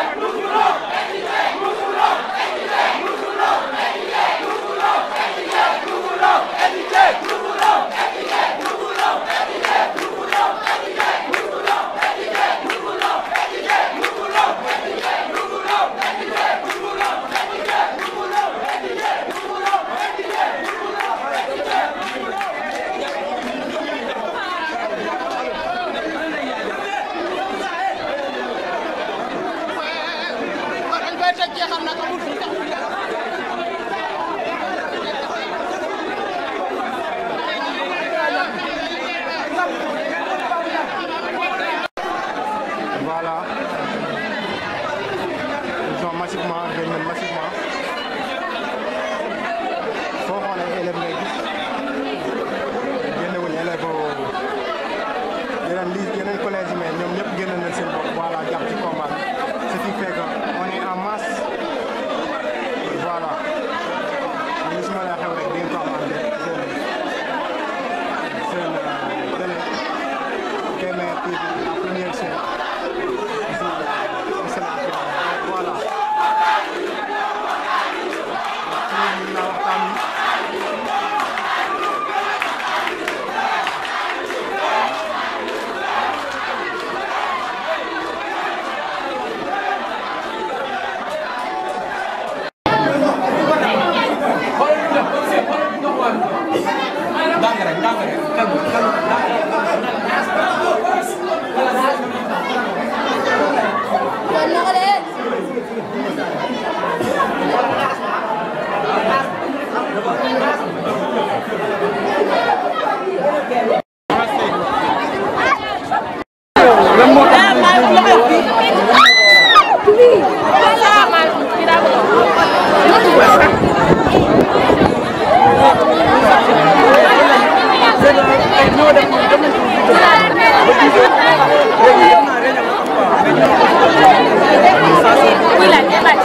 É cultural! teg jeexal nag amul fii 那个人，跟跟跟。là cái bài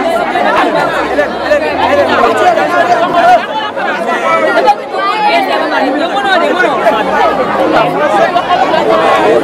Thank you.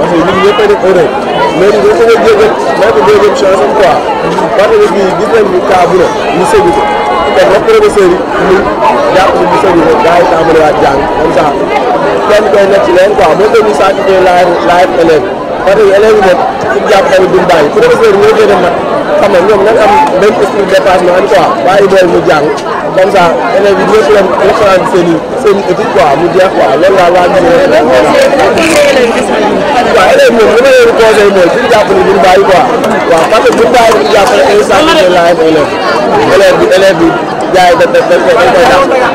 parce que ñun ñëpp a def erreur mais ñun dafa koy jégal may ko deuxième chance am quoi parce que bii gis nañ ñu cas bu ne ñu sëbi ko kon wax professeur yi ñu jàpp ñu sëbi ko gars yi tàmbali waat jàng comme ça kenn koy nekk ci leen quoi moo tax ñu sacrifier laaj laaj élève parce que élève yi moom suñu jàpp tamit duñ bàyyi professeur ñoo gën a mat xam nga ñoom nañ am même esprit de dépassement quoi bàyyi dool mu jàng comme ça élèves yi ñëpp leen reprendre seen i seen i études quoi mu jeex quoi loolu laa laaj. waaw élèves moom li ma leen conseillé mooy suñu jàpp ni buñ bàyyi quoi waaw parce que buñ bàyyi buñ jàpp rek instant bii de laaj élève élève bi élève bi jaay da da dañ koy daal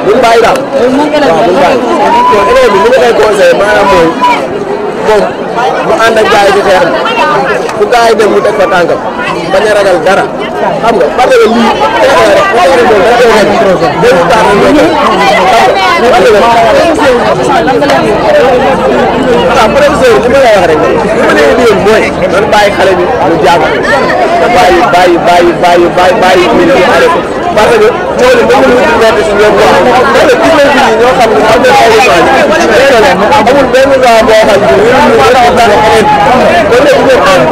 buñ bàyyi daal waaw buñ bàyyi kon élève bi li ma koy conseillé maanaam mooy moom mu ànd ak gars yi ci xeex mi bu gars yi dem mu teg fa tànkam bañ a ragal dara. xam nga parce que lii ah professeur li ma la wax rek li ma leen di mooy man bàyyi xale bi mu jàng te bàyyi bàyyi bàyyi bàyyi bàyyi bàyyi parce que ñooñu mën nañu ci nekk si ñoom quoi parce que gis nañ ñoo xam ne am nañ ay échange amul benn gaa boo xam ne ñu ngi leen di leen ba léegi ñu am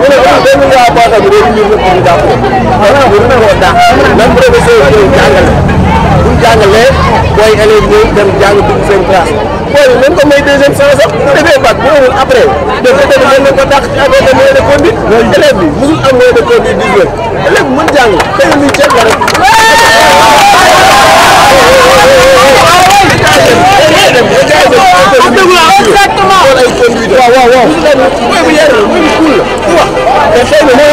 benn leen xam nga ñu ne amul benn gaa boo xam ne ñu ngi leen di jàppale. kon ñu ngi ko dàq même professeur yi jàngale jàngalee booy élèves ñëw dem jàng dugg seen classe booy bi même comme may deuxième chance sax bu defee bac bu amul après def ko tamit mën na ko dàq ci affaire de moyen de conduite élève bi musul am moyen de conduite visuel élève bi mën jàng xëy na muy ceeb la rek waaw waaw mooy bu yar la mooy bu kuul la wax te xëy na mooy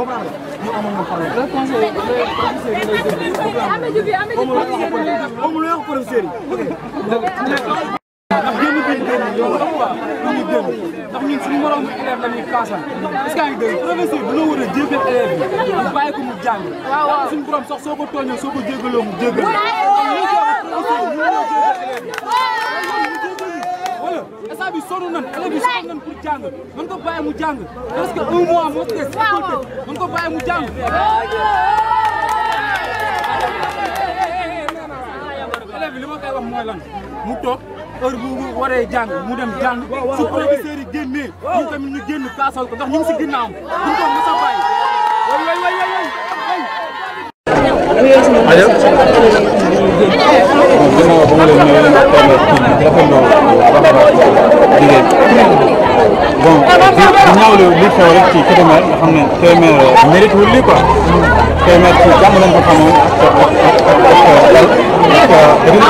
comprendre mu amoon nga problème. le conseil le professeur yi. ndax génn biñ génn yow xam nga lu ñu génn ndax ñun suñu moroom élève la ñuy kaasal est-ce que yaa la a jégal élève bi mu bàyyi ko mu jàng suñu borom sax soo ko tooñoo soo ko jégaloo mu jégal instant bi sonn nan élèves yi sonn nan pour jàng terus ko bàyyi mu jàng parce que un mois moo des école tëj mën ko bàyyi mu jàng élèves yi li ma wax mooy lan mu toog heure bu waree jàng mu dem jàng su professeurs yi génnee ñu ñu génn ko ndax ñu ko way way way liggéey ah, bon di di ñaawlu li xew rek ci Kébémer nga xam ne Kébémer euh, mérite wul lii quoi Kébémer ci jàmm lañ ko xamoon ak ak ak dal ak résultat yu baax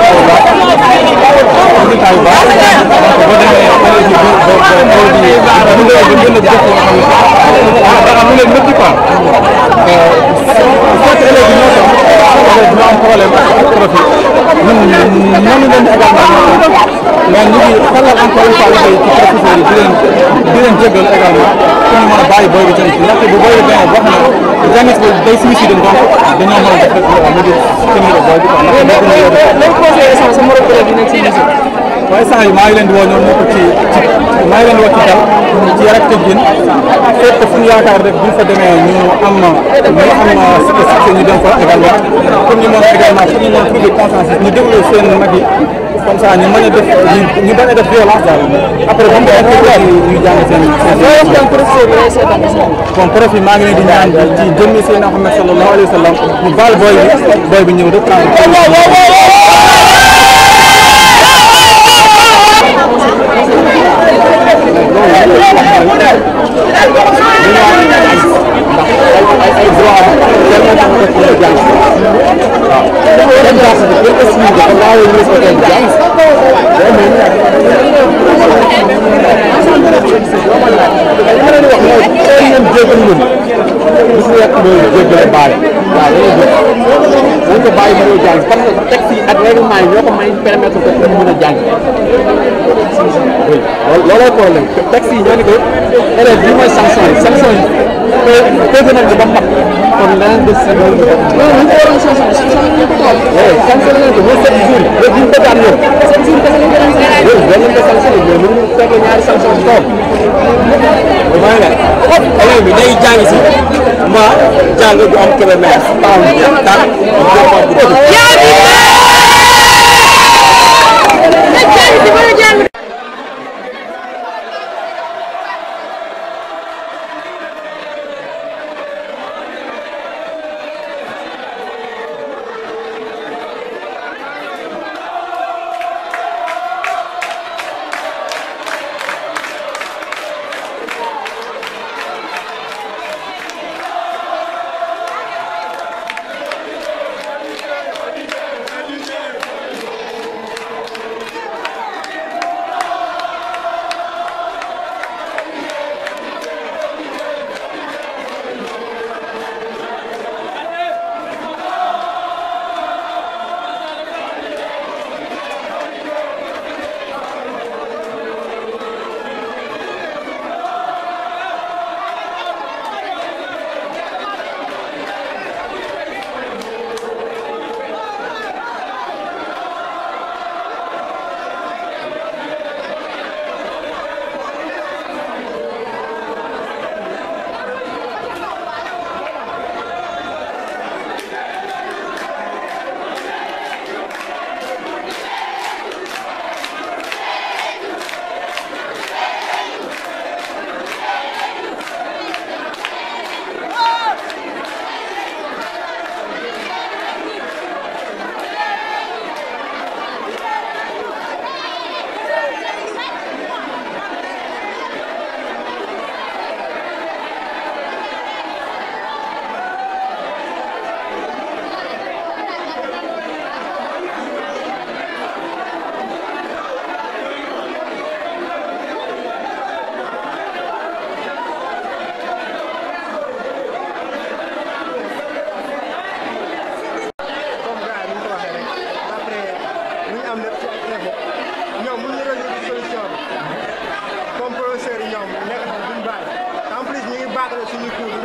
résultat yu baax boo demee xale bi boo boo boo di bu ndee ba gën a jëf loo xam ne ah, dara lu leen métti quoi sept euh, élèves yi ñoo sax élèves ñoo am problème ak profil ñun ñooñu leen di également mais ñu ngi xelal encore une fois ci professeur yi di leen di leen jégal également pour ñu mën a bàyyi booy bi tamit ndaxte bu booy bi demee wax na janis bi day suicide donc dañoo mën a def rek mu di tenir booy bi quoi ndaxte nekk na yow waaye sax yi maa ngi leen di woo ñoom ñëpp ci ci maa ngi leen di woo ci dal ci yar ak teggin fépp fu ñu yaakaar rek bu ñu fa demee ñu am ñu am succès ko dem fa également comme ñu moom également pour ñu moom trouver consensus ñu déglu seen mag yi comme ça a def ñu bañ a def violence après ba mu doon ñu jàng seen seen bon prof yi maa ngi leen di ñaan ci jëmmi seen Muhammad sallallahu alayhi wa sallam ñu baal booy bi booy bi ñëw rek looloo problème taxi yi ñoo ni ko élève bi mooy sanction yi sanction yi ba mu mag kon leneen des si loolu. loolu ñu ko waroon changé changé ñu ko tool. oui changé nañ ko mooy sept jours. léegi ñu bëgg a am ñoom. sept jours kese lañ ko doon changé. loolu war nañ ko changé mais mënuñu fekk ñaari changé ci tool. mooy la élève bi day jàng si mbaa jàng du am kër mère. waaw jàng du am kër mère. Adresini kurdu.